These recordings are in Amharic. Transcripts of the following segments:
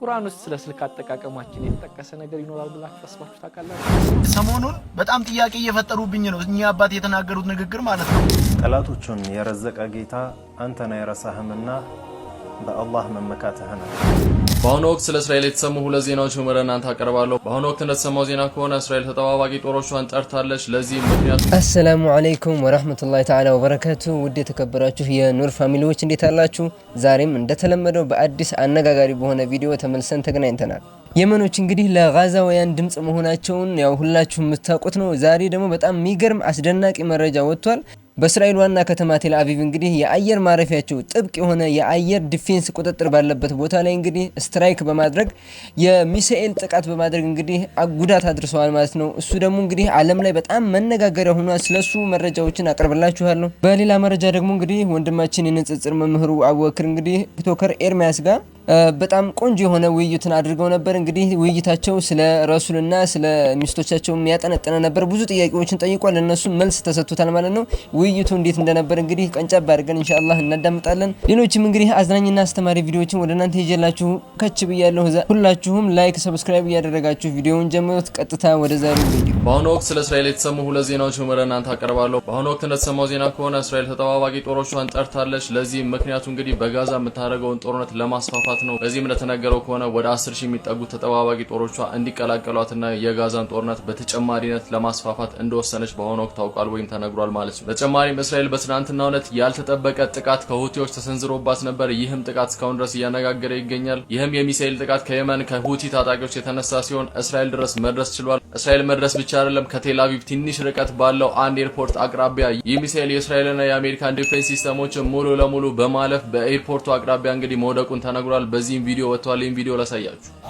ቁርአን ውስጥ ስለ ስልክ አጠቃቀማችን የተጠቀሰ ነገር ይኖራል ብላችሁ ታስባችሁ ታውቃላችሁ? ሰሞኑን በጣም ጥያቄ እየፈጠሩብኝ ነው። እኚህ አባት የተናገሩት ንግግር ማለት ነው። ጠላቶቹን የረዘቀ ጌታ አንተና የረሳህምና በአላህ መመካትህ ነው። በአሁኑ ወቅት ስለ እስራኤል የተሰሙ ሁለት ዜናዎች ወደ እናንተ አቀርባለሁ። በአሁኑ ወቅት እንደተሰማው ዜና ከሆነ እስራኤል ተጠባባቂ ጦሮቿን ጠርታለች። ለዚህ ምክንያቱ አሰላሙ አለይኩም ወራህመቱላሂ ተዓላ ወበረከቱ። ውድ የተከበራችሁ የኑር ፋሚሊዎች እንዴት አላችሁ? ዛሬም እንደተለመደው በአዲስ አነጋጋሪ በሆነ ቪዲዮ ተመልሰን ተገናኝተናል። የመኖች እንግዲህ ለጋዛውያን ድምጽ መሆናቸውን ያው ሁላችሁ የምታውቁት ነው። ዛሬ ደግሞ በጣም የሚገርም አስደናቂ መረጃ ወጥቷል። በእስራኤል ዋና ከተማ ቴል አቪቭ እንግዲህ የአየር ማረፊያቸው ጥብቅ የሆነ የአየር ዲፌንስ ቁጥጥር ባለበት ቦታ ላይ እንግዲህ ስትራይክ በማድረግ የሚሳኤል ጥቃት በማድረግ እንግዲህ ጉዳት አድርሰዋል ማለት ነው። እሱ ደግሞ እንግዲህ ዓለም ላይ በጣም መነጋገሪያ ሆኗል። ስለሱ መረጃዎችን አቅርብላችኋለሁ። በሌላ መረጃ ደግሞ እንግዲህ ወንድማችን የንጽጽር መምህሩ አቡበክር እንግዲህ ቲክቶከር ኤርሚያስ ጋር በጣም ቆንጆ የሆነ ውይይትን አድርገው ነበር። እንግዲህ ውይይታቸው ስለ ረሱልና ስለ ሚስቶቻቸው ያጠነጠነ ነበር። ብዙ ጥያቄዎችን ጠይቋል፣ እነሱ መልስ ተሰጥቶታል ማለት ነው። ውይይቱ እንዴት እንደነበር እንግዲህ ቀንጨብ አድርገን ኢንሻአላህ እናዳምጣለን። ሌሎችም እንግዲህ አዝናኝና አስተማሪ ቪዲዮዎችን ወደ እናንተ ይዤላችሁ ከች ብያለሁ። ሁላችሁም ላይክ፣ ሰብስክራይብ እያደረጋችሁ ቪዲዮውን ጀምሩት። ቀጥታ ወደ ዛሬው ቪዲዮ። በአሁኑ ወቅት ስለ እስራኤል የተሰሙ ሁለት ዜናዎች ወደ እናንተ አቀርባለሁ። በአሁኑ ወቅት እንደተሰማው ዜና ከሆነ እስራኤል ተጠባባቂ ጦሮቿን ጠርታለች። ለዚህ ምክንያቱ እንግዲህ በጋዛ የምታደርገውን ጦርነት ለማስፋፋት ነው። ለዚህም እንደተነገረው ከሆነ ወደ 10 ሺህ የሚጠጉ ተጠባባቂ ጦሮቿ እንዲቀላቀሏትና የጋዛን ጦርነት በተጨማሪነት ለማስፋፋት እንደወሰነች በአሁኑ ወቅት ታውቋል ወይም ተነግሯል ማለት ነው። በተጨማሪም እስራኤል በትናንትና ዕለት ያልተጠበቀ ጥቃት ከሁቲዎች ተሰንዝሮባት ነበር። ይህም ጥቃት እስካሁን ድረስ እያነጋገረ ይገኛል። ይህም የሚሳኤል ጥቃት ከየመን ከሁቲ ታጣቂዎች የተነሳ ሲሆን እስራኤል ድረስ መድረስ ችሏል። እስራኤል መድረስ ብቻ አይደለም፣ ከቴላቪቭ ትንሽ ርቀት ባለው አንድ ኤርፖርት አቅራቢያ ይህ ሚሳኤል የእስራኤልና የአሜሪካን ዲፌንስ ሲስተሞችን ሙሉ ለሙሉ በማለፍ በኤርፖርቱ አቅራቢያ እንግዲህ መውደቁን ተነግሯል። በዚህም ቪዲዮ ወጥቷል። ይህም ቪዲዮ ላሳያችሁ።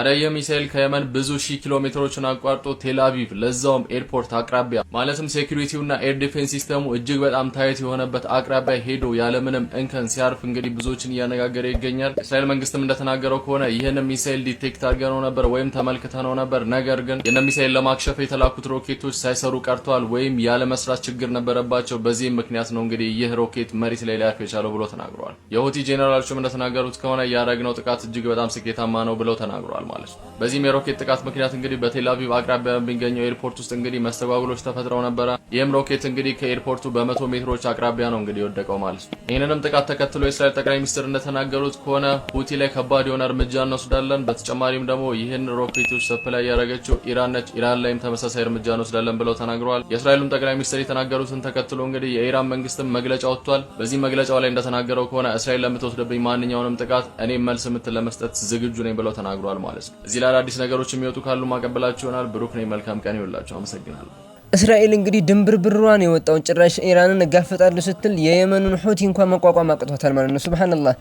አደየ ሚሳኤል ከየመን ብዙ ሺህ ኪሎ ሜትሮችን አቋርጦ ቴላቪቭ ለዛውም ኤርፖርት አቅራቢያ ማለትም ሴኩሪቲውና ኤር ዲፌንስ ሲስተሙ እጅግ በጣም ታይት የሆነበት አቅራቢያ ሄዶ ያለምንም እንከን ሲያርፍ እንግዲህ ብዙዎችን እያነጋገረ ይገኛል። እስራኤል መንግስትም እንደተናገረው ከሆነ ይህን ሚሳኤል ዲቴክት አድርገነው ነበር ወይም ተመልክተነው ነበር፣ ነገር ግን ይህን ሚሳኤል ለማክሸፍ የተላኩት ሮኬቶች ሳይሰሩ ቀርተዋል ወይም ያለመስራት ችግር ነበረባቸው። በዚህም ምክንያት ነው እንግዲህ ይህ ሮኬት መሬት ላይ ሊያርፍ የቻለው ብሎ ተናግረዋል። የሁቲ ጄኔራሎችም እንደተናገሩት ከሆነ ያደረግነው ጥቃት እጅግ በጣም ስኬታማ ነው ብለው ተናግረዋል። ሆኗል ማለት ነው። በዚህም የሮኬት ጥቃት ምክንያት እንግዲህ በቴላቪቭ አቅራቢያ በሚገኘው ኤርፖርት ውስጥ እንግዲህ መስተጓጉሎች ተፈጥረው ነበረ። ይህም ሮኬት እንግዲህ ከኤርፖርቱ በመቶ ሜትሮች አቅራቢያ ነው እንግዲህ የወደቀው ማለት ነው። ይህንንም ጥቃት ተከትሎ የእስራኤል ጠቅላይ ሚኒስትር እንደተናገሩት ከሆነ ሁቲ ላይ ከባድ የሆነ እርምጃ እንወስዳለን፣ በተጨማሪም ደግሞ ይህን ሮኬቶች ሰፕላይ ያደረገችው ኢራን ነች፣ ኢራን ላይም ተመሳሳይ እርምጃ እንወስዳለን ብለው ተናግረዋል። የእስራኤሉም ጠቅላይ ሚኒስትር የተናገሩትን ተከትሎ እንግዲህ የኢራን መንግስትም መግለጫ ወጥቷል። በዚህ መግለጫው ላይ እንደተናገረው ከሆነ እስራኤል ለምትወስደብኝ ማንኛውንም ጥቃት እኔም መልስ ምት ለመስጠት ዝግጁ ነኝ ብለው ተናግሯል ማለት ነው። ማለት ነው። እዚህ ላይ አዳዲስ ነገሮች የሚወጡ ካሉ ማቀበላችሁ ይሆናል። ብሩክ ነኝ። መልካም ቀን ይውላችሁ። አመሰግናለሁ። እስራኤል እንግዲህ ድንብርብሯን የወጣውን ጭራሽ ኢራንን እጋፈጣለሁ ስትል የየመኑን ሁቲ እንኳን መቋቋም አቅቶታል ማለት ነው። ሱብሃነላህ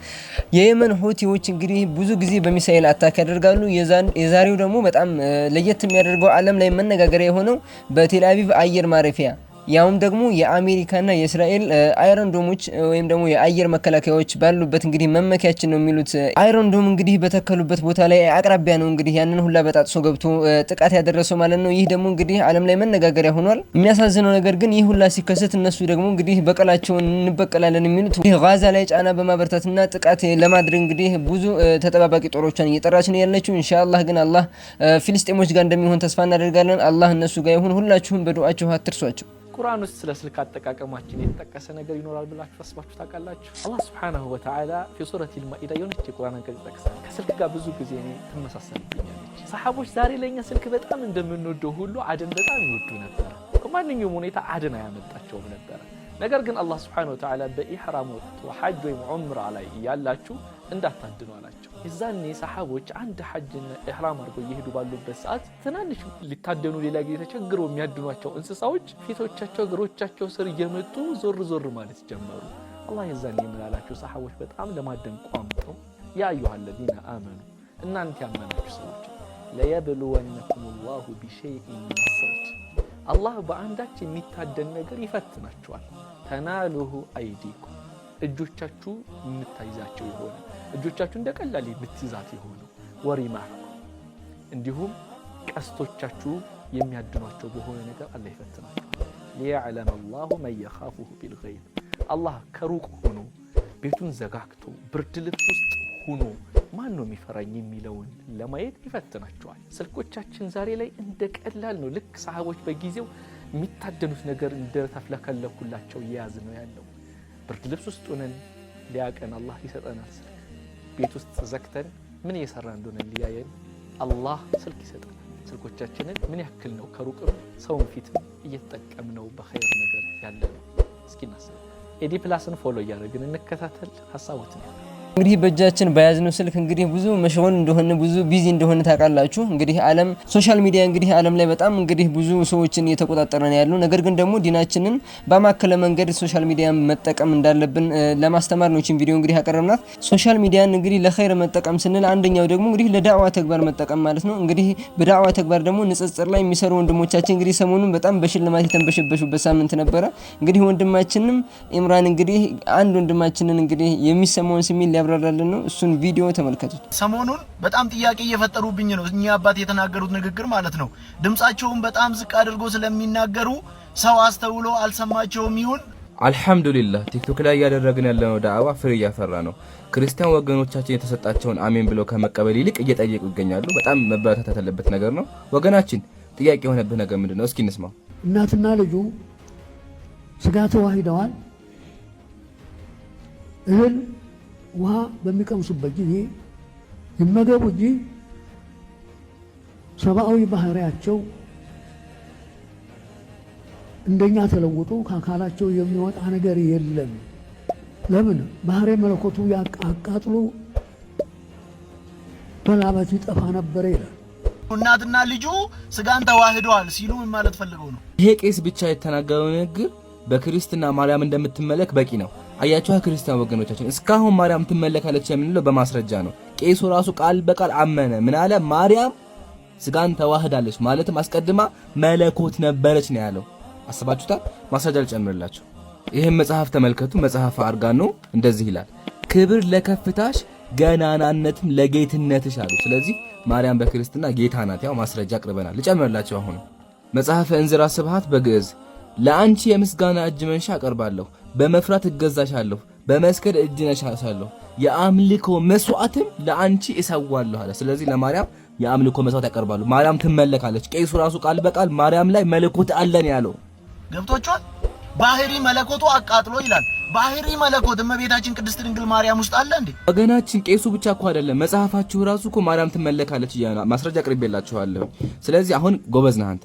የየመን ሁቲዎች እንግዲህ ብዙ ጊዜ በሚሳኤል አታክ ያደርጋሉ። የዛሬው ደግሞ በጣም ለየት የሚያደርገው ዓለም ላይ መነጋገሪያ የሆነው በቴል አየር ማረፊያ ያውም ደግሞ የአሜሪካና የእስራኤል አይረን ዶሞች ወይም ደግሞ የአየር መከላከያዎች ባሉበት እንግዲህ መመኪያችን ነው የሚሉት። አይረን ዶም እንግዲህ በተከሉበት ቦታ ላይ አቅራቢያ ነው እንግዲህ ያንን ሁላ በጣጥሶ ገብቶ ጥቃት ያደረሰው ማለት ነው። ይህ ደግሞ እንግዲህ ዓለም ላይ መነጋገሪያ ሆኗል። የሚያሳዝነው ነገር ግን ይህ ሁላ ሲከሰት እነሱ ደግሞ እንግዲህ በቀላቸውን እንበቀላለን የሚሉት ጋዛ ላይ ጫና በማበርታትና ጥቃት ለማድረግ እንግዲህ ብዙ ተጠባባቂ ጦሮቿን እየጠራች ነው ያለችው። ኢንሻአላህ ግን አላህ ፊልስጤሞች ጋር እንደሚሆን ተስፋ እናደርጋለን። አላህ እነሱ ጋር ይሁን። ሁላችሁም በዱዓችሁ አትርሷቸው። ቁርአን ውስጥ ስለ ስልክ አጠቃቀማችን የተጠቀሰ ነገር ይኖራል ብላችሁ ታስባችሁ ታውቃላችሁ? አላህ ሱብሓነሁ ወተዓላ ፊ ሱረት ልማኢዳ የሆነች የቁርአን አንቀጽ ይጠቅሳል። ከስልክ ጋር ብዙ ጊዜ እኔ ትመሳሰልብኛለች። ሰሓቦች ዛሬ ለእኛ ስልክ በጣም እንደምንወደው ሁሉ አደን በጣም ይወዱ ነበር። በማንኛውም ሁኔታ አደን አያመጣቸውም ነበር። ነገር ግን አላህ ስብሐነሁ ወተዓላ በኢሕራም ወቅት ሐጅ ወይም ዑምራ ላይ እያላችሁ እንዳታድኑ አላቸው። የዛኔ ሰሓቦች አንድ ሐጅን ኢሕራም አድርገው እየሄዱ ባሉበት ሰዓት ትናንሽ ሊታደኑ ሌላ ጊዜ ተቸግረው የሚያድኗቸው እንስሳዎች ፊቶቻቸው፣ እግሮቻቸው ስር እየመጡ ዞር ዞር ማለት ጀመሩ። አላህ የዛኔ ምን ሰሓቦች በጣም ለማደን ቋምጠው ያ አዩሃ አለዚነ አመኑ እናንተ ያመናችሁ ሰዎች ለየብልወነኩም ላሁ ቢሸይኢን አላህ በአንዳች የሚታደን ነገር ይፈትናቸዋል። ተናሉሁ አይዲኩም እጆቻችሁ የምታይዛቸው የሆነ እጆቻችሁ እንደ ቀላል የምትይዛት የሆኑ ወሪማሕኩም እንዲሁም ቀስቶቻችሁ የሚያድኗቸው በሆነ ነገር አላህ ይፈትናቸዋል ሊያዕለም አላሁ መን የኻፉሁ ቢልገይብ አላህ ከሩቅ ሆኖ ቤቱን ዘጋግቶ ብርድ ልብስ ውስጥ ሆኖ ማን ነው የሚፈራኝ የሚለውን ለማየት ይፈትናቸዋል። ስልኮቻችን ዛሬ ላይ እንደ ቀላል ነው። ልክ ሰሃቦች በጊዜው የሚታደኑት ነገር እንደተፍለከለኩላቸው እየያዝ ነው ያለው። ብርድ ልብስ ውስጥ ሆነን ሊያቀን አላህ ይሰጠናል ስልክ። ቤት ውስጥ ዘግተን ምን እየሰራ እንደሆነ ሊያየን አላህ ስልክ ይሰጠናል። ስልኮቻችንን ምን ያክል ነው ከሩቅም ሰውን ፊት እየተጠቀምነው በኸይር ነገር ያለ ነው። እስኪ እናስብ። ኤዲ ፕላስን ፎሎ እያደረግን እንከታተል። ሀሳቦትን እንግዲህ በእጃችን በያዝነው ስልክ እንግዲህ ብዙ መሽሆን እንደሆነ ብዙ ቢዚ እንደሆነ ታውቃላችሁ። እንግዲህ ዓለም ሶሻል ሚዲያ እንግዲህ ዓለም ላይ በጣም እንግዲህ ብዙ ሰዎችን እየተቆጣጠረ ነው ያሉ። ነገር ግን ደግሞ ዲናችንን በማከለ መንገድ ሶሻል ሚዲያ መጠቀም እንዳለብን ለማስተማር ነው ችን ቪዲዮ እንግዲህ ያቀረብናት። ሶሻል ሚዲያን እንግዲህ ለኸይር መጠቀም ስንል አንደኛው ደግሞ እንግዲህ ለዳዕዋ ተግባር መጠቀም ማለት ነው። እንግዲህ በዳዕዋ ተግባር ደግሞ ንጽጽር ላይ የሚሰሩ ወንድሞቻችን እንግዲህ ሰሞኑን በጣም በሽልማት የተንበሸበሹበት ሳምንት ነበረ። እንግዲህ ወንድማችንም ኢምራን እንግዲህ አንድ ወንድማችንን እንግዲህ የሚሰማውን ስሜት እያብራራልን ነው። እሱን ቪዲዮ ተመልከቱት። ሰሞኑን በጣም ጥያቄ እየፈጠሩብኝ ነው። እኚህ አባት የተናገሩት ንግግር ማለት ነው። ድምጻቸውን በጣም ዝቅ አድርጎ ስለሚናገሩ ሰው አስተውሎ አልሰማቸውም ይሁን። አልሐምዱሊላህ ቲክቶክ ላይ እያደረግን ያለነው ዳዕዋ ፍሬ እያፈራ ነው። ክርስቲያን ወገኖቻችን የተሰጣቸውን አሜን ብለው ከመቀበል ይልቅ እየጠየቁ ይገኛሉ። በጣም መበረታታት ያለበት ነገር ነው። ወገናችን ጥያቄ የሆነብህ ነገር ምንድን ነው? እስኪ እንስማው። እናትና ልጁ ስጋ ተዋሂደዋል እህል ውሃ በሚቀምሱበት ጊዜ ይመገቡ እንጂ ሰብአዊ ባህሪያቸው እንደኛ ተለውጦ ከአካላቸው የሚወጣ ነገር የለም። ለምን? ባህሬ መለኮቱ አቃጥሎ በላበት ይጠፋ ነበረ ይላል። እናትና ልጁ ስጋን ተዋህደዋል ሲሉ ማለት ፈልገው ነው። ይሄ ቄስ ብቻ የተናገረው ንግግር በክርስትና ማርያም እንደምትመለክ በቂ ነው። አያቸው ክርስቲያን ወገኖቻችን፣ እስካሁን ማርያም ትመለካለች የምንለው በማስረጃ ነው። ቄሱ ራሱ ቃል በቃል አመነ። ምን አለ? ማርያም ስጋን ተዋህዳለች ማለትም አስቀድማ መለኮት ነበረች ነው ያለው። አስባችሁታል? ማስረጃ ልጨምርላችሁ። ይህም መጽሐፍ ተመልከቱ። መጽሐፍ ነው እንደዚህ ይላል፣ ክብር ለከፍታሽ ገናናነትም ለጌትነትሽ አሉ። ስለዚህ ማርያም በክርስትና ጌታ ናት። ያው ማስረጃ አቅርበናል። ልጨምርላችሁ አሁን መጽሐፈ እንዝራ ስብሐት በግዕዝ ለአንቺ የምስጋና እጅ መንሻ አቀርባለሁ በመፍራት እገዛሻለሁ፣ በመስገድ እጅ ነሳለሁ፣ የአምልኮ መስዋዕትም ለአንቺ እሰዋለሁ አለ። ስለዚህ ለማርያም የአምልኮ መስዋዕት ያቀርባሉ። ማርያም ትመለካለች። ቄሱ ራሱ ቃል በቃል ማርያም ላይ መለኮት አለን ያለው ገብቶቿል። ባህሪ መለኮቱ አቃጥሎ ይላል። ባህሪ መለኮት እመቤታችን ቅድስት ድንግል ማርያም ውስጥ አለ እንዴ? ወገናችን ቄሱ ብቻ እኮ አይደለም መጽሐፋችሁ ራሱ እኮ ማርያም ትመለካለች እያ ማስረጃ አቅርቤላችኋለሁ። ስለዚህ አሁን ጎበዝ ነህ አንተ፣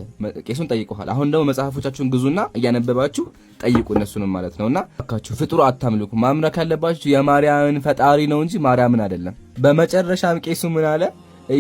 ቄሱን ጠይቀሃል። አሁን ደግሞ መጽሐፎቻችሁን ግዙና እያነበባችሁ ጠይቁ እነሱንም ማለት ነውና፣ እባካችሁ ፍጡሩ አታምልኩ። ማምረክ ያለባችሁ የማርያምን ፈጣሪ ነው እንጂ ማርያምን አይደለም። በመጨረሻም ቄሱ ምን አለ?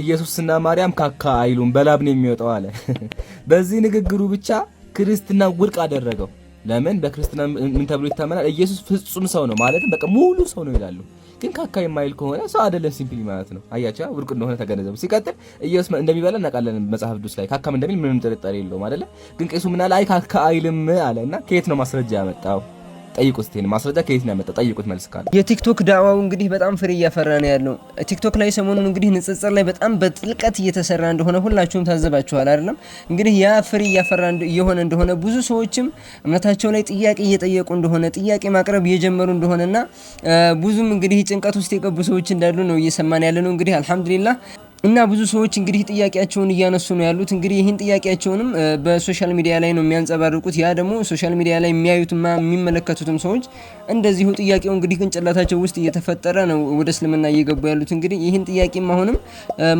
ኢየሱስና ማርያም ካካ አይሉም በላብ ነው የሚወጣው አለ። በዚህ ንግግሩ ብቻ ክርስትና ውድቅ አደረገው። ለምን በክርስትና ምን ተብሎ ይታመናል? ኢየሱስ ፍጹም ሰው ነው ማለትም በቃ ሙሉ ሰው ነው ይላሉ። ግን ካካ የማይል ከሆነ ሰው አይደለም ሲምፕሊ ማለት ነው። አያቸው ውድቅ እንደሆነ ተገነዘቡ። ሲቀጥል ኢየሱስ እንደሚበላ እናውቃለን መጽሐፍ ቅዱስ ላይ ካካም እንደሚል ምንም ጥርጣሬ የለውም አይደለ? ግን ቄሱ ምን አለ? አይ ካካ አይልም አለ እና ከየት ነው ማስረጃ ያመጣው? ጠይቁት። ስቴን ማስረጃ ከየት ነው ያመጣ? ጠይቁት። መልስ ካለ የቲክቶክ ዳዋው እንግዲህ በጣም ፍሬ እያፈራ ነው ያለው። ቲክቶክ ላይ ሰሞኑን እንግዲህ ንጽጽር ላይ በጣም በጥልቀት እየተሰራ እንደሆነ ሁላችሁም ታዘባችኋል አይደለም? እንግዲህ ያ ፍሬ እያፈራ እየሆነ እንደሆነ ብዙ ሰዎችም እምነታቸው ላይ ጥያቄ እየጠየቁ እንደሆነ ጥያቄ ማቅረብ እየጀመሩ እንደሆነና ብዙም እንግዲህ ጭንቀት ውስጥ የገቡ ሰዎች እንዳሉ ነው እየሰማን ያለ ነው። እንግዲህ አልሐምዱሊላህ እና ብዙ ሰዎች እንግዲህ ጥያቄያቸውን እያነሱ ነው ያሉት። እንግዲህ ይህን ጥያቄያቸውንም በሶሻል ሚዲያ ላይ ነው የሚያንጸባርቁት። ያ ደግሞ ሶሻል ሚዲያ ላይ የሚያዩትማ የሚመለከቱትም ሰዎች እንደዚሁ ጥያቄው እንግዲህ ቅንጭላታቸው ውስጥ እየተፈጠረ ነው ወደ እስልምና እየገቡ ያሉት። እንግዲህ ይህን ጥያቄም አሁንም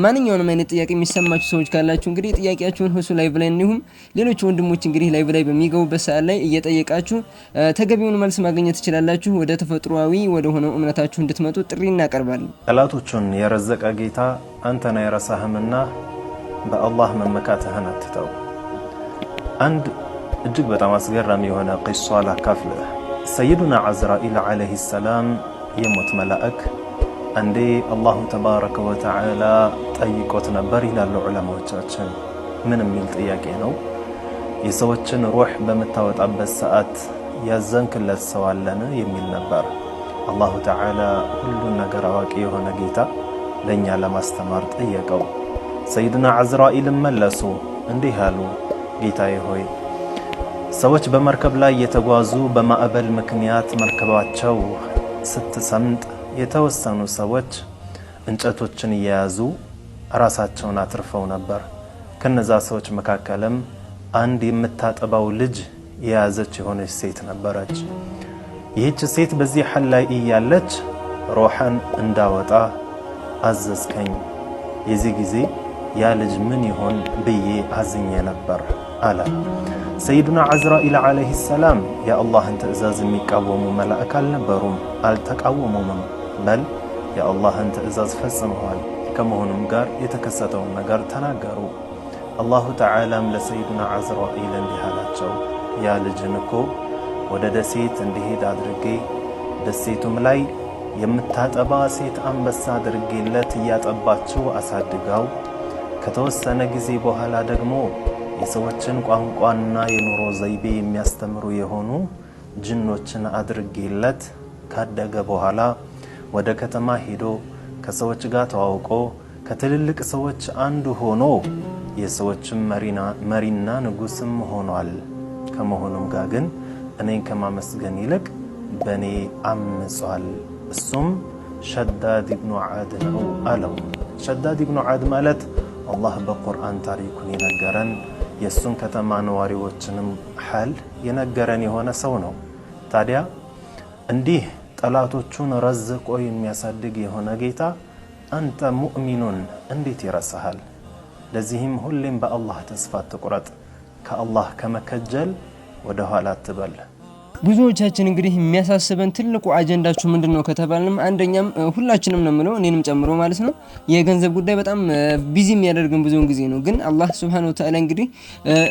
ማንኛውንም አይነት ጥያቄ የሚሰማችሁ ሰዎች ካላችሁ እንግዲህ ጥያቄያችሁን ሁሱ ላይቭ ላይ እንዲሁም ሌሎች ወንድሞች እንግዲህ ላይቭ ላይ በሚገቡበት ሰዓት ላይ እየጠየቃችሁ ተገቢውን መልስ ማግኘት ትችላላችሁ። ወደ ተፈጥሯዊ ወደ ሆነው እምነታችሁ እንድትመጡ ጥሪ እናቀርባለን። ጠላቶቹን የረዘቀ ጌታ አንተና የረሳህምና በአላህ መመካትህን አትተው። አንድ እጅግ በጣም አስገራሚ የሆነ ቂሷ ላካፍልህ ሰይዱና አዝራኢል ዓለይሂ ሰላም የሞት መላእክ አንዴ አላሁ ተባረከ ወተዓላ ጠይቆት ነበር ይላሉ ዑለማዎቻችን። ምን የሚል ጥያቄ ነው? የሰዎችን ሩሕ በምታወጣበት ሰዓት ያዘንክለት ሰው አለን የሚል ነበር። አላሁ ተዓላ ሁሉን ነገር አዋቂ የሆነ ጌታ ለእኛ ለማስተማር ጠየቀው። ሰይዱና አዝራኢልም መለሱ እንዲህ አሉ፣ ጌታዬ ሆይ ሰዎች በመርከብ ላይ የተጓዙ በማዕበል ምክንያት መርከባቸው ስትሰምጥ የተወሰኑ ሰዎች እንጨቶችን እየያዙ ራሳቸውን አትርፈው ነበር። ከነዛ ሰዎች መካከልም አንድ የምታጠባው ልጅ የያዘች የሆነች ሴት ነበረች። ይህች ሴት በዚህ ሐል ላይ እያለች ሮሐን እንዳወጣ አዘዝከኝ። የዚህ ጊዜ ያ ልጅ ምን ይሆን ብዬ አዝኜ ነበር አለ። ሰይዱና አዝራኢል ዓለይህ ሰላም የአላህን ትእዛዝ የሚቃወሙ መላእክ አልነበሩም፣ አልተቃወሙምም። በል የአላህን ትእዛዝ ፈጽመዋል። ከመሆኑም ጋር የተከሰተውን ነገር ተናገሩ። አላሁ ተዓላም ለሰይዱና አዝራኢል እንዲህ አላቸው፣ ያ ልጅን እኮ ወደ ደሴት እንዲሄድ አድርጌ ደሴቱም ላይ የምታጠባ ሴት አንበሳ አድርጌለት እያጠባችው አሳድጋው ከተወሰነ ጊዜ በኋላ ደግሞ የሰዎችን ቋንቋና የኑሮ ዘይቤ የሚያስተምሩ የሆኑ ጅኖችን አድርጌለት ካደገ በኋላ ወደ ከተማ ሄዶ ከሰዎች ጋር ተዋውቆ ከትልልቅ ሰዎች አንዱ ሆኖ የሰዎችም መሪና ንጉስም ሆኗል። ከመሆኑም ጋር ግን እኔን ከማመስገን ይልቅ በእኔ አምጿል። እሱም ሸዳድ ብኑ ዓድ ነው አለው። ሸዳድ ብኑ ዓድ ማለት አላህ በቁርአን ታሪኩን የነገረን የእሱን ከተማ ነዋሪዎችንም ሐል የነገረን የሆነ ሰው ነው። ታዲያ እንዲህ ጠላቶቹን ረዝቆ የሚያሳድግ የሆነ ጌታ አንተ ሙእሚኑን እንዴት ይረሳሃል? ለዚህም ሁሌም በአላህ ተስፋ ትቁረጥ ከአላህ ከመከጀል ወደ ኋላ አትበል። ብዙዎቻችን እንግዲህ የሚያሳስበን ትልቁ አጀንዳችሁ ምንድን ነው ከተባልንም፣ አንደኛም ሁላችንም ነው የምለው እኔንም ጨምሮ ማለት ነው የገንዘብ ጉዳይ በጣም ቢዚ የሚያደርግን ብዙውን ጊዜ ነው። ግን አላህ ስብሐነሁ ወተዓላ እንግዲህ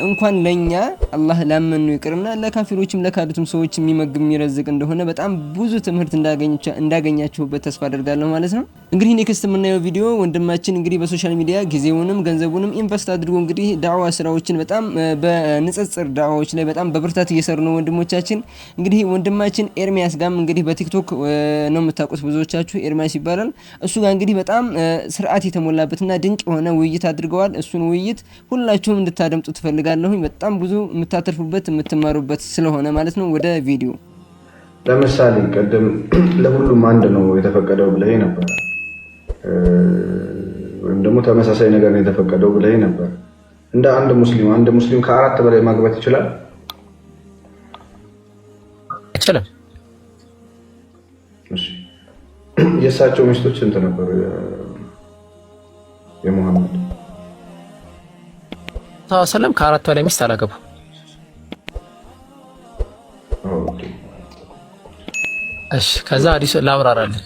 እንኳን ለእኛ አላህ ላመኑ ይቅርና ለካፊሮችም ለካዱትም ሰዎች የሚመግብ የሚረዝቅ እንደሆነ በጣም ብዙ ትምህርት እንዳገኛችሁበት ተስፋ አደርጋለሁ ማለት ነው። እንግዲህ ኔክስት የምናየው ቪዲዮ ወንድማችን እንግዲህ በሶሻል ሚዲያ ጊዜውንም ገንዘቡንም ኢንቨስት አድርጎ እንግዲህ ዳዋ ስራዎችን በጣም በንጽጽር ዳዋዎች ላይ በጣም በብርታት እየሰሩ ነው ወንድሞቻችን። እንግዲህ ወንድማችን ኤርሚያስ ጋም እንግዲህ በቲክቶክ ነው የምታውቁት ብዙዎቻችሁ፣ ኤርሚያስ ይባላል። እሱ ጋር እንግዲህ በጣም ስርዓት የተሞላበትና ድንቅ የሆነ ውይይት አድርገዋል። እሱን ውይይት ሁላችሁም እንድታደምጡ ትፈልጋለሁኝ። በጣም ብዙ የምታተርፉበት የምትማሩበት ስለሆነ ማለት ነው። ወደ ቪዲዮ ለምሳሌ ቅድም ለሁሉም አንድ ነው የተፈቀደው ብለህ ነበረ ወይም ደግሞ ተመሳሳይ ነገር ነው የተፈቀደው ብለህ ነበር። እንደ አንድ ሙስሊም አንድ ሙስሊም ከአራት በላይ ማግባት ይችላል ይችላል። የእሳቸው ሚስቶች ስንት ነበሩ? የሙሐመድ ሰለም ከአራት በላይ ሚስት አላገቡ። እሺ፣ ከዛ አዲሱ ላብራራለን።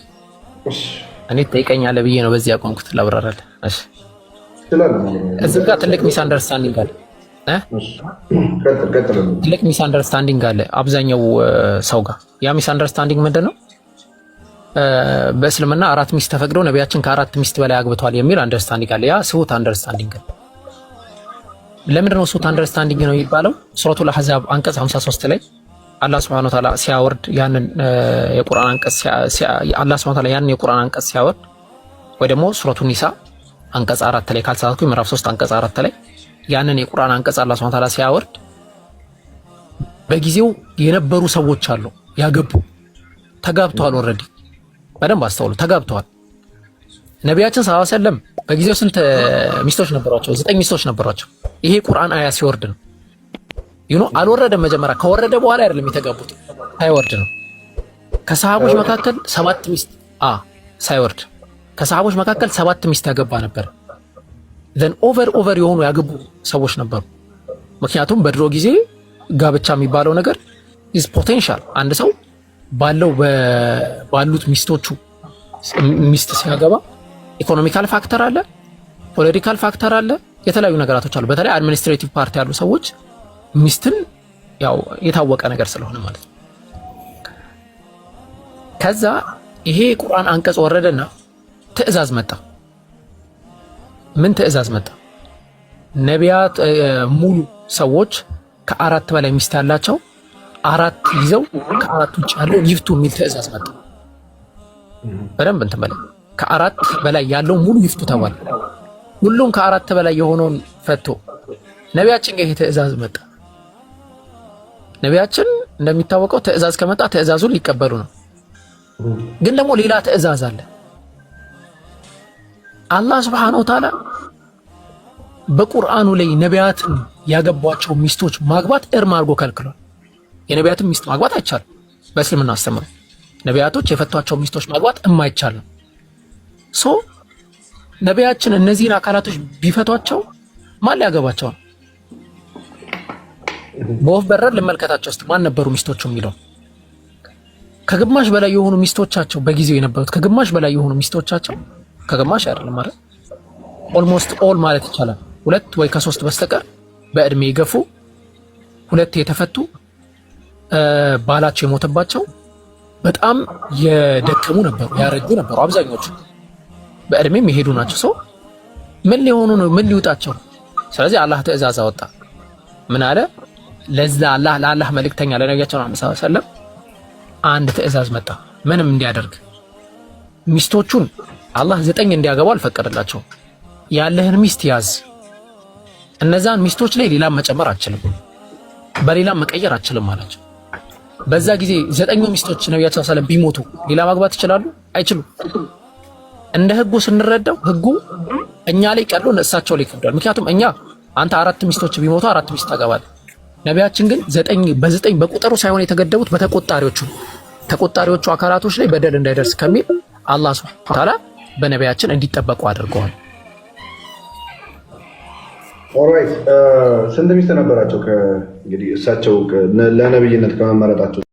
እኔ ትጠይቀኛለህ ብዬ ነው በዚህ ያቆምኩት። ላብራራል። እዚህ ጋር ትልቅ ሚስ አንደርስታንዲንግ አለ። ትልቅ ሚስ አንደርስታንዲንግ አለ አብዛኛው ሰው ጋር። ያ ሚስ አንደርስታንዲንግ ምንድን ነው? በእስልምና አራት ሚስት ተፈቅደው ነቢያችን ከአራት ሚስት በላይ አግብተዋል የሚል አንደርስታንዲንግ አለ። ያ ስሁት አንደርስታንዲንግ ነው። ለምንድን ነው ስሁት አንደርስታንዲንግ ነው የሚባለው? ሱረቱል አሕዛብ አንቀጽ 53 ላይ አላህ Subhanahu Ta'ala ሲያወርድ ያንን የቁርአን አንቀጽ አላህ Subhanahu Ta'ala ያንን የቁርአን አንቀጽ ሲያወርድ ወይ ደግሞ ሱረቱ ኒሳ አንቀጽ አራት ላይ ካልተሳሳትኩ ምዕራፍ 3 አንቀጽ አራት ላይ ያንን የቁርአን አንቀጽ አላህ Subhanahu Ta'ala ሲያወርድ በጊዜው የነበሩ ሰዎች አሉ ያገቡ ተጋብተዋል። ኦልሬዲ በደንብ አስተውሉ፣ ተጋብተዋል። ነቢያችን ሰለላሁ ዐለይሂ ወሰለም በጊዜው ስንት ሚስቶች ነበሯቸው? ዘጠኝ ሚስቶች ነበሯቸው። ይሄ ቁርአን አያ ሲወርድ ነው። ዩኖ አልወረደም። መጀመሪያ ከወረደ በኋላ አይደለም የተጋቡት፣ ሳይወርድ ነው። ከሰሃቦች መካከል ሰባት ሚስት አ ሳይወርድ ከሰሃቦች መካከል ሰባት ሚስት ያገባ ነበር። ዘን ኦቨር ኦቨር የሆኑ ያገቡ ሰዎች ነበሩ። ምክንያቱም በድሮ ጊዜ ጋብቻ የሚባለው ነገር ኢዝ ፖቴንሻል። አንድ ሰው ባለው ባሉት ሚስቶቹ ሚስት ሲያገባ ኢኮኖሚካል ፋክተር አለ፣ ፖለቲካል ፋክተር አለ፣ የተለያዩ ነገራቶች አሉ። በተለይ አድሚኒስትሬቲቭ ፓርቲ ያሉ ሰዎች ሚስትን ያው የታወቀ ነገር ስለሆነ ማለት ነው። ከዛ ይሄ ቁርአን አንቀጽ ወረደና ትዕዛዝ መጣ። ምን ትዕዛዝ መጣ? ነቢያት ሙሉ ሰዎች ከአራት በላይ ሚስት ያላቸው አራት ይዘው ከአራት ውጭ ያለው ይፍቱ የሚል ትዕዛዝ መጣ። በደንብ እንትን በላይ ከአራት በላይ ያለው ሙሉ ይፍቱ ተባለ። ሁሉም ከአራት በላይ የሆነውን ፈቶ ነቢያችን ጋር ይሄ ትዕዛዝ መጣ። ነቢያችን እንደሚታወቀው ትእዛዝ ከመጣ ትእዛዙን ሊቀበሉ ነው። ግን ደግሞ ሌላ ትእዛዝ አለ። አላህ ስብሐነሁ ወተዓላ በቁርአኑ ላይ ነቢያትን ያገቧቸው ሚስቶች ማግባት እርም አድርጎ ከልክሏል። የነቢያትን ሚስት ማግባት አይቻልም። በእስልምና አስተምሮ ነቢያቶች የፈቷቸው ሚስቶች ማግባት እማይቻል ሶ ነቢያችን እነዚህን አካላቶች ቢፈቷቸው ማን ሊያገባቸው ነው? በወፍ በረር ልመልከታቸው ውስጥ ማን ነበሩ ሚስቶቹ የሚለው ከግማሽ በላይ የሆኑ ሚስቶቻቸው በጊዜው የነበሩት ከግማሽ በላይ የሆኑ ሚስቶቻቸው ከግማሽ አይደለም ማለት ኦልሞስት ኦል ማለት ይቻላል ሁለት ወይ ከሶስት በስተቀር በእድሜ የገፉ ሁለት የተፈቱ ባላቸው የሞተባቸው በጣም የደከሙ ነበሩ፣ ያረጁ ነበሩ። አብዛኞቹ በእድሜም የሄዱ ናቸው። ሰው ምን ሊሆኑ ነው? ምን ሊውጣቸው? ስለዚህ አላህ ትዕዛዝ አወጣ። ምን አለ? ለዛ አላህ ለአላህ መልእክተኛ ለነቢያቸው ዐለይሂ ሰላም አንድ ትእዛዝ መጣ። ምንም እንዲያደርግ ሚስቶቹን አላህ ዘጠኝ እንዲያገቡ አልፈቀደላቸውም። ያለህን ሚስት ያዝ፣ እነዛን ሚስቶች ላይ ሌላም መጨመር አችልም፣ በሌላም መቀየር አችልም አላቸው። በዛ ጊዜ ዘጠኙ ሚስቶች ነቢያቸው ሰለም ቢሞቱ ሌላ ማግባት ይችላሉ? አይችሉም። እንደ ህጉ ስንረዳው ህጉ እኛ ላይ ቀሎ እሳቸው ላይ ይከብዳል። ምክንያቱም እኛ አንተ አራት ሚስቶች ቢሞቱ አራት ሚስት ታገባለህ ነቢያችን ግን ዘጠኝ በዘጠኝ በቁጥሩ ሳይሆን የተገደቡት በተቆጣሪዎቹ ተቆጣሪዎቹ አካላቶች ላይ በደል እንዳይደርስ ከሚል አላህ ሱብሓነሁ ወተዓላ በነቢያችን እንዲጠበቁ አድርገዋል። ኦራይት uh, ስንት ሚስት ነበራቸው? እንግዲህ እሳቸው ለነብይነት ከመመረጣቸው